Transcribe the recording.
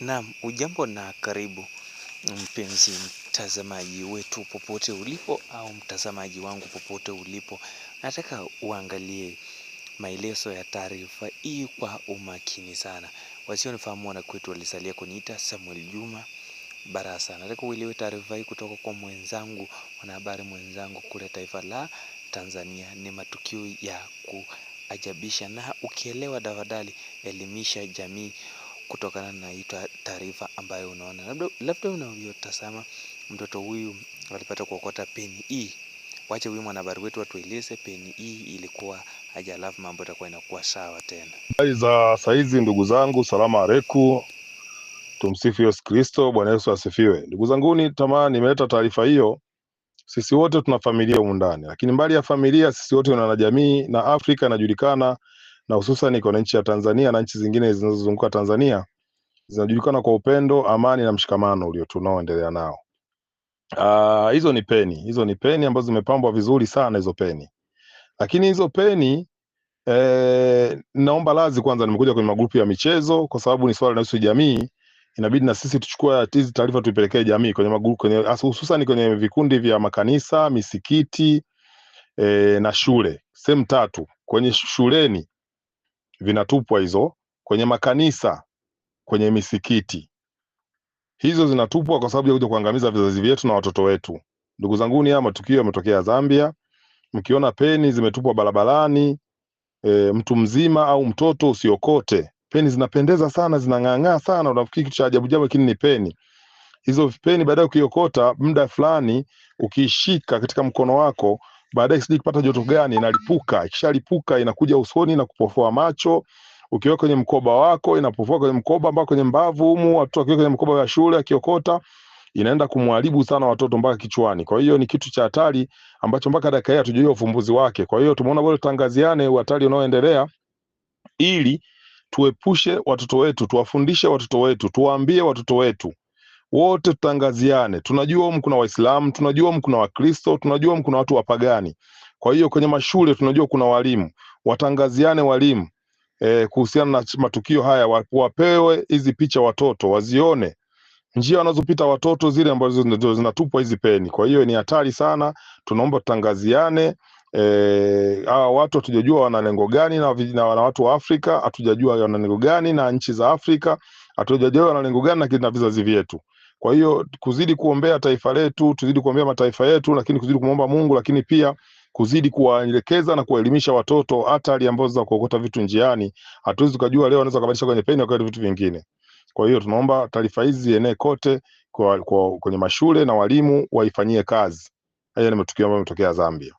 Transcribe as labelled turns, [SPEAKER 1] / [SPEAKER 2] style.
[SPEAKER 1] Naam, ujambo na karibu mpenzi mtazamaji wetu popote ulipo au mtazamaji wangu popote ulipo. Nataka uangalie maelezo ya taarifa hii kwa umakini sana. Wasionifahamu kwetu walisalia kuniita Samuel Juma Barasa. Nataka uelewe taarifa hii kutoka kwa mwenzangu, mwanahabari mwenzangu kule taifa la Tanzania. Ni matukio ya kuajabisha, na ukielewa tafadhali elimisha jamii kutokana na hii taarifa ambayo unaona. Labda labda unavyotazama mtoto huyu alipata kuokota peni hii. E. Wacha huyu mwanahabari wetu atueleze peni hii e ilikuwa aje, alafu mambo yatakuwa inakuwa sawa tena.
[SPEAKER 2] Hai za saizi ndugu zangu, salama aleku, tumsifu Yesu Kristo, Bwana Yesu asifiwe. Ndugu zanguni, tamaa nimeleta taarifa hiyo. Sisi wote tuna familia humu ndani, lakini mbali ya familia, sisi wote na jamii na Afrika inajulikana na hususan iko na nchi ya Tanzania na nchi zingine zinazozunguka Tanzania zinajulikana kwa upendo, amani na mshikamano ulio tunaoendelea nao. Uh, hizo ni peni, hizo ni peni ambazo zimepambwa vizuri sana hizo peni. Lakini hizo peni eh, naomba lazi kwanza, nimekuja kwenye magrupu ya michezo kwa sababu ni swala linahusu jamii, inabidi na sisi tuchukue hizi taarifa tuipelekee jamii kwenye magrupu, kwenye hususan kwenye vikundi vya makanisa, misikiti e, na shule. Sehemu tatu kwenye shuleni zinatupwa hizo kwenye makanisa, kwenye misikiti, hizo zinatupwa kwa sababu ya kuja kuangamiza vizazi vyetu na watoto wetu. Ndugu zanguni, haya matukio yametokea Zambia. Mkiona peni zimetupwa barabarani, e, mtu mzima au mtoto usiokote. Peni zinapendeza sana, zinang'ang'aa sana, unafikiri kitu cha ajabu jabu, lakini ni peni. Hizo peni baadaye ukiokota, muda fulani ukiishika katika mkono wako baadaye sijui kupata joto gani, inalipuka. Ikishalipuka inakuja usoni na kupofua macho, ukiwa kwenye mkoba wako inapofua kwenye mkoba mpaka kwenye mbavu humu, watoto wakiwa kwenye mkoba wa shule akiokota inaenda kumharibu sana watoto mpaka kichwani. Kwa hiyo ni kitu cha hatari ambacho mpaka dakika hii hatujui ufumbuzi wake. Kwa hiyo tumeona bora tutangaziane hatari unaoendelea ili tuepushe watoto wetu, tuwafundishe watoto wetu, tuwaambie watoto wetu wote tutangaziane. Tunajua humu kuna Waislamu, tunajua humu kuna Wakristo, tunajua humu kuna watu wapagani. Kwa hiyo kwenye mashule tunajua kuna walimu, watangaziane walimu e, kuhusiana na matukio haya, wapewe hizi picha watoto wazione njia wanazopita watoto zile ambazo zinatupwa hizi peni. Kwa hiyo ni hatari sana, tunaomba tutangaziane. Eh, hawa e, watu hatujajua wana lengo gani na, na, na watu wa Afrika hatujajua wana lengo gani na nchi za Afrika hatujajua wana lengo gani na, na vizazi vyetu. Kwa hiyo kuzidi kuombea taifa letu, tuzidi kuombea mataifa yetu, lakini kuzidi kumwomba Mungu, lakini pia kuzidi kuwaelekeza na kuwaelimisha watoto hatari ambazo za kuokota vitu njiani. Hatuwezi tukajua leo wanaweza kubadilisha kwenye peni au vitu vingine. Kwa hiyo tunaomba taarifa hizi zienee kote kwa, kwa, kwenye mashule na walimu waifanyie kazi. Haya ni matukio ambayo yametokea Zambia.